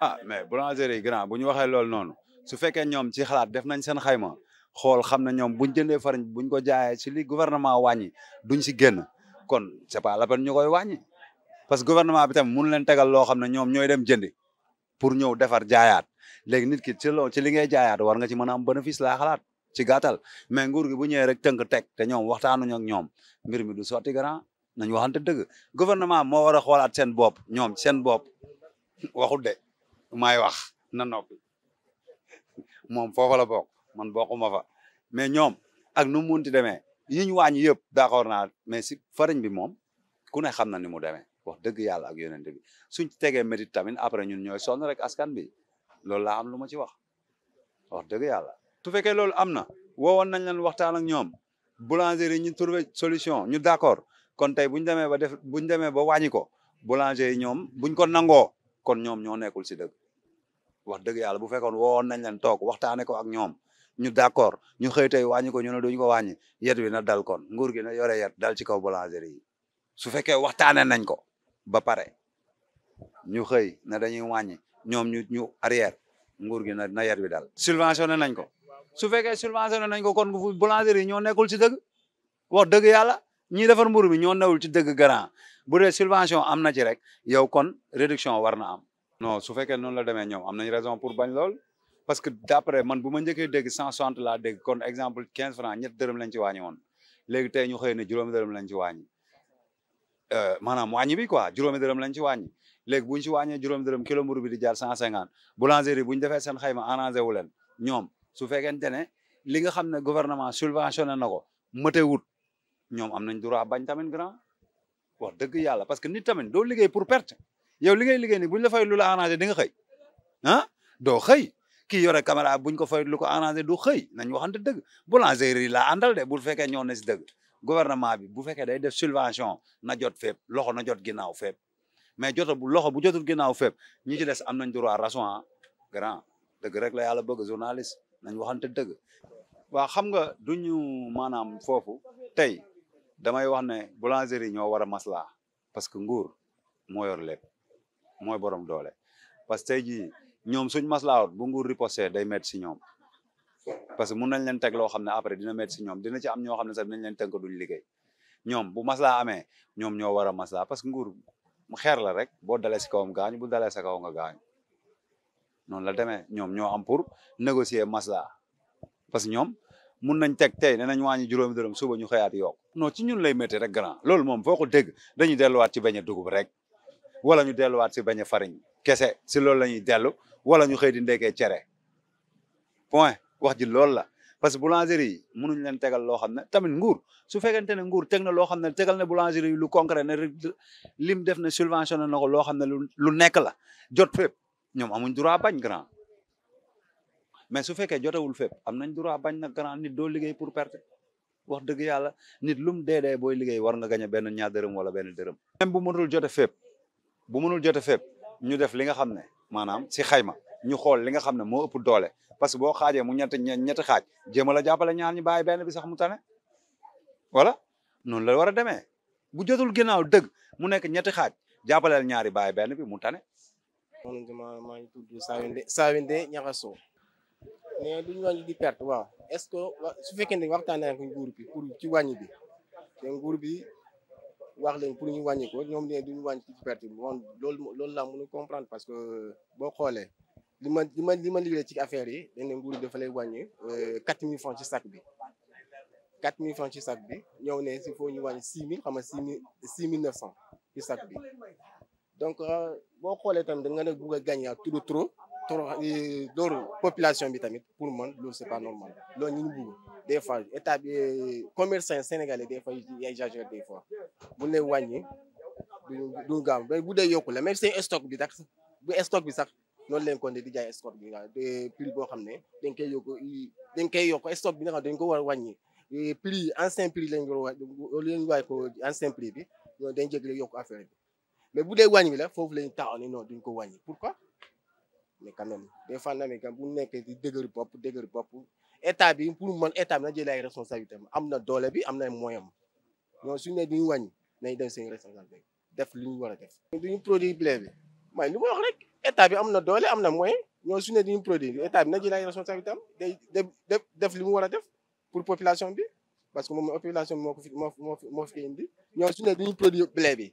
ah mais boulangerie yi grand bu ñu waxee loolu noonu su fekkee ñoom ci xalaat def nañ seen xayma xool xam na ñoom buñ jëndee farine buñ ko jaayee ci li gouvernement wàññi duñ si génn kon c'est pas la peine ñu koy wàññi parce que gouvernement bi tam mënu leen tegal loo xam ne ñoom ñooy dem jëndi pour ñëw defar jaayaat léegi nit ki ci loo ci li ngay jaayaat war nga ci mën a am bénéfice laa xalaat ci gàttal mais nguur gi bu ñëwee rek tënk teg te ñoom waxtaanuñu ak ñoom mbir mi du sotti grand nañ waxante dëgg gouvernement moo war a xoolaat seen bopp ñoom seen bopp waxul may wax na noppi moom foofa la bokk man bokkuma fa mais ñoom ak nu mu munti demee yi ñu wàññi yëpp d'accord naa mais si fariñ bi moom ku ne xam na ni mu demee wax dëgg yàlla ak yonent bi suñ ci tegee métit tamit après ñun ñooy sonn rek askan bi loolu laa am lu ma ci wax wax dëgg yàlla. tu fekkee loolu am na woowoon nañ leen waxtaan ak ñoom boulangerie yi ñu trouvé solution ñu d'accord kon tey bu ñu demee ba def bu ñu demee ba wàññi ko boulanger yi ñoom buñ ko nangoo kon ñoom ñoo nekkul si dëgg wax dëgg yàlla bu fekkoon woon nañ leen toog waxtaane ko ak ñoom ñu d'accord ñu xëy tey wàññi ko ñu ne duñu ko wàññi yet wi na dal kon nguur gi na yore yet dal ci kaw boulangerie yi su fekkee waxtaane nañ ko ba pare ñu xëy na dañuy wàññi ñoom ñu ñu arrière nguur gi na na yet wi dal subventionné nañ ko su fekkee subventionné nañ ko kon boulangerie yi ñoo nekkul ci dëgg wax dëgg yàlla ñiy defar mburu bi ñoo newul ci dëgg garant bu dee subvention am na ci rek yow kon réduction war na am non su fekkee noonu la demee ñoom am nañ raison pour bañ lool parce que d' après man bu ma njëkkee dégg cent soixante la dégg kon exemple quinze francs ñett dërëm lañ ci wàññi woon léegi tey ñu xëy ne juróomi dërëm lañ ci wàññi euh, maanaam wàññi bi quoi juróomi dërëm lañ ci wàññi léegi bu ñu ci wàññee juróomi dërëm kilo mburu bi di jaar cent cinquante boulangerie bu ñu defee seen xayma arrangé wu leen ñoom su fekkente ne li nga xam ne gouvernement subventionné na ko mëte wut ñoom am nañ droit bañ tamit grand wax dëgg yàlla parce que nit tamit doo liggéey pour perte yow li ngay liggéey ni buñ la fay lu la arrangé di nga xëy ah doo xëy kii yore caméra buñ ko fay lu ko arrangé do xëy nañ waxante dëgg boulangerie la àndal de bul fekkee ñoo ne si dëgg gouvernement bi bu fekkee day def subvention na jot fépp loxo na jot ginnaaw fépp mais joto bu loxo bu jotul ginnaaw fépp ñi ci des am nañ droit raison grand dëgg rek la yàlla bëgg journaliste nañ waxante dëgg waaw xam nga duñu maanaam foofu tey damay wax ne boulangerie ñoo war a maslaa parce que nguur moo yor lépp mooy borom doole parce que tey jii ñoom suñ maslaawut bu nguur riposté day métti si ñoom parce que mun nañ leen teg loo xam ne après dina métti si ñoom dina ci am ñoo xam ne sax dinañ leen tënk duñ liggéey ñoom bu maslaa amee ñoom ñoo war a maslaa parce que nguur mu xeer la rek boo dalee si kawam gaañu bu dalee sa kaw nga gaañu noonu la demee ñoom ñoo am pour négocier maslaa parce que ñoom mun nañ teg tey danañ wàññi juróomi dërëm suba ñu xëyaat yokk non ci ñun lay métti rek grand loolu moom foo ko dégg dañuy delluwaat ci bañ a dugub rek wala ñu delluwaat si bañ a fariñ kese si loolu la dellu wala ñu xëy di ndekkee cere point wax ji loolu la parce que boulangerie yi mënuñ leen tegal loo xam ne tamit nguur su fekkente ne nguur teg na loo xam ne tegal na boulangerie yi lu concret ne lim def na subventionné na ko loo xam ne lu nekk la jot fépp ñoom amuñ jura bañ grand mais su fekkee jotewul fépp am nañ droit bañ na grand nit doo liggéey pour perte wax dëgg yàlla nit lum dee dee booy liggéey war nga gañe benn ñaar dërëm wala benn dërëm. même bu mënul jote fépp bu mënul jote fépp ñu def li nga xam ne maanaam si xayma ñu xool li nga xam ne moo ëpp doole parce que boo xaajee mu ñetti ñetti xaaj jéem a la jàppale ñaar ñu bàyyi benn bi sax mu tane wala noonu la war a demee bu jotul ginnaaw dëgg mu nekk ñetti xaaj jàppaleel ñaari bàyyi benn bi mu tane. man maa ngi tudd mais duñ wañu di perte waaw est-ce que su fekkee ne waxtaan nañ ko nguur bi pour ci wàññi bi te nguur bi wax leen pour ñu wàññi ko ñoom ne duñu wàññi ci perte bi moom loolu loolu laa mën comprendre parce que euh, boo xoolee li ma li ma li ma liggéey ci affaire yi dañ ne nguur bi dafa lay wàññi euh, quatre mille francs ci sac bi quatre mille francs ci sac bi ñëw ne il faut ñu wàññi six mille xam nga six mille six mille neuf cent ci sac bi donc euh, boo xoolee tamit da nga ne bugg a gagner tout ah, trop torox loolu population bi tamit pour man loolu c'est pas normal loolu ñu ngi bugg des fois état bi commerçant sénégalais des fois exagère des fois bu ne wàññi duñu duñu gaaw bu dee yokku la même seen stock bi tax bu bi sax noonu leen kon di jaay stock bi nga prix boo xam ne dañ koy yokk dañ koy yokk stock bi nga xam dañ ko war a wàññi prix ancien prix lañ war waay ko ancien prix bi ñoo dañ jégle yokk affaire bi mais bu dee wàññi la foofu lañ taxaw ne non duñ ko wàññi pourquoi mais quand même des fois na ne bu nekkee di dëgër bopp dëgër bopp état bi pour man état bi na jëlee ay responsabilités am na doole bi am na moyen am ñoom suñu nee du ñu wàññi nañ dem seen responsabilité def lu ñu war a def. duñu produit blé bi may li ma bi am na doole am na moyen ñoom suñu nee duñu produit bi état bi na jëlee ay responsabilités am day def def li mu war a def pour population bi parce que moom population moo ko fi moo fi moo fi indi ñoom suñu nee duñu produit bi.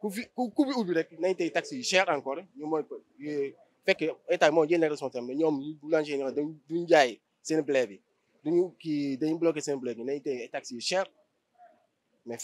ku fi ku bi ubbi rek nañ tey taxes yi cher encore ñu mooy fekk état moo jël responsable mais ñoom ñu boulanger yi duñ jaay seen blé bi duñu kii dañu bloqué seen blé bi nañ tey taxes yi cher mais